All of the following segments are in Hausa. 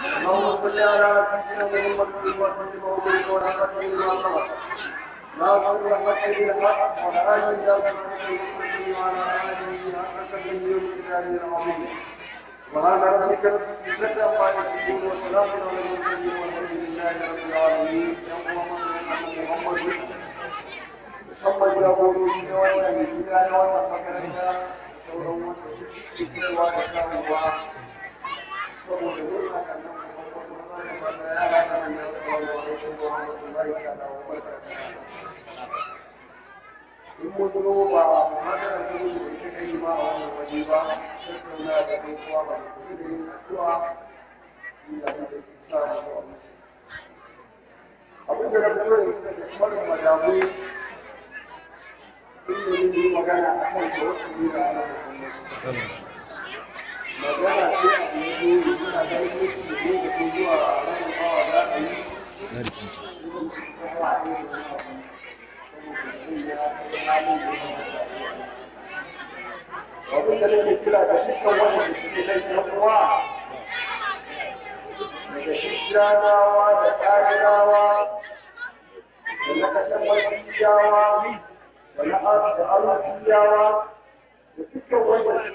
اللهم صل على سيدنا محمد وسلم وبارك ورحمة الله وبركاته اللهم رحمتك بالحق وعلى آل سيدنا وعلى آله حق تنزيل الكتاب العظيم سبحان ربك رب العزة عما يصفون وسلام على والحمد لله رب العالمين اللهم صل على محمد محمد أبو الدين وأبي الدين وأبي الدين وأبي الدين وأبي الدين in mutu ba ba magana da kika ba tattauna da kai kuwa ba su da yin ba yi magana a da wasu ne da ana da magana ce a yi a kai mutum da zai da zuwa rashin hawa za a yi abin da nake kira da dukkan wanda suke laifin uwa daga shiranawa da ƙaranawa da na kasan wasu yawa da na arziyawa da dukkan wanda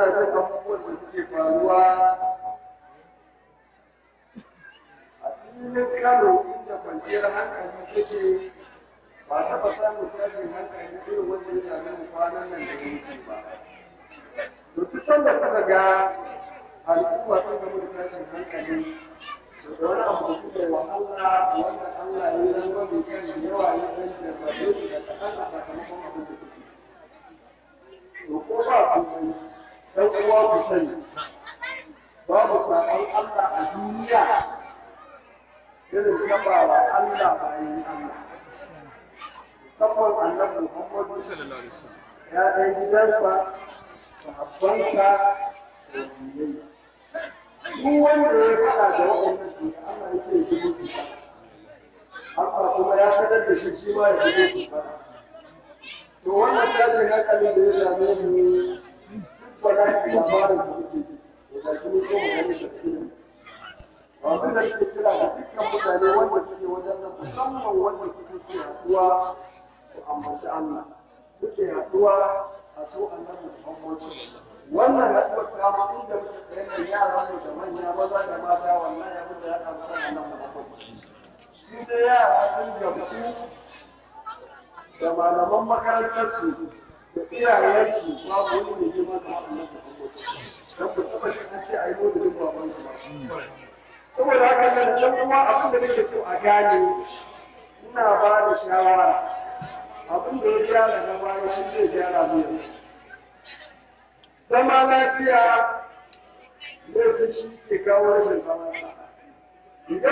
suna jin abubuwan da suke faruwa a filin kano inda kwanciyar hankali take ba taɓa samun tashin hankali irin wanda ya sami mu kwanan nan da wuce ba to duk sanda kuka ga al'umma sun gamu da tashin hankali da wani abu da suka yi wa Allah wanda Allah ya yi zama mai kan yawa ya san da sabbin su da kaɗan a sakamakon abin da suke to ko ba komai dan uwa ku sani babu saƙon Allah a duniya irin yaba wa Allah bayan Allah musamman annabi Muhammadu sallallahu alaihi wasallam ya ɗan gidansa sahabbansa da waliyai duk wanda ya faɗa da waɗannan to Allah ya ce ya ji musu Allah kuma ya sanar da shi shi ma ya ji musu to wannan tashin hankali da ya same ni. masu da ke kira da dukkan mutane wanda suke wajen musamman wanda kuke haɗuwa Allah kuke haɗuwa a so annabi Muhammad wannan haɗuwar ta mu inda muke tsaye yaran mu da manya maza da mata wannan ya mutu ya gamsu da malaman makarantar da iyayensu babu wani mai girma da dan ku taba shi an a ayi da baban su ba saboda haka nan dan kuma abin da nake so a gane ina ba da shawara abin da ya gyara na baya shi gyara mu yanzu zama lafiya laifin shi ke kawo rashin zama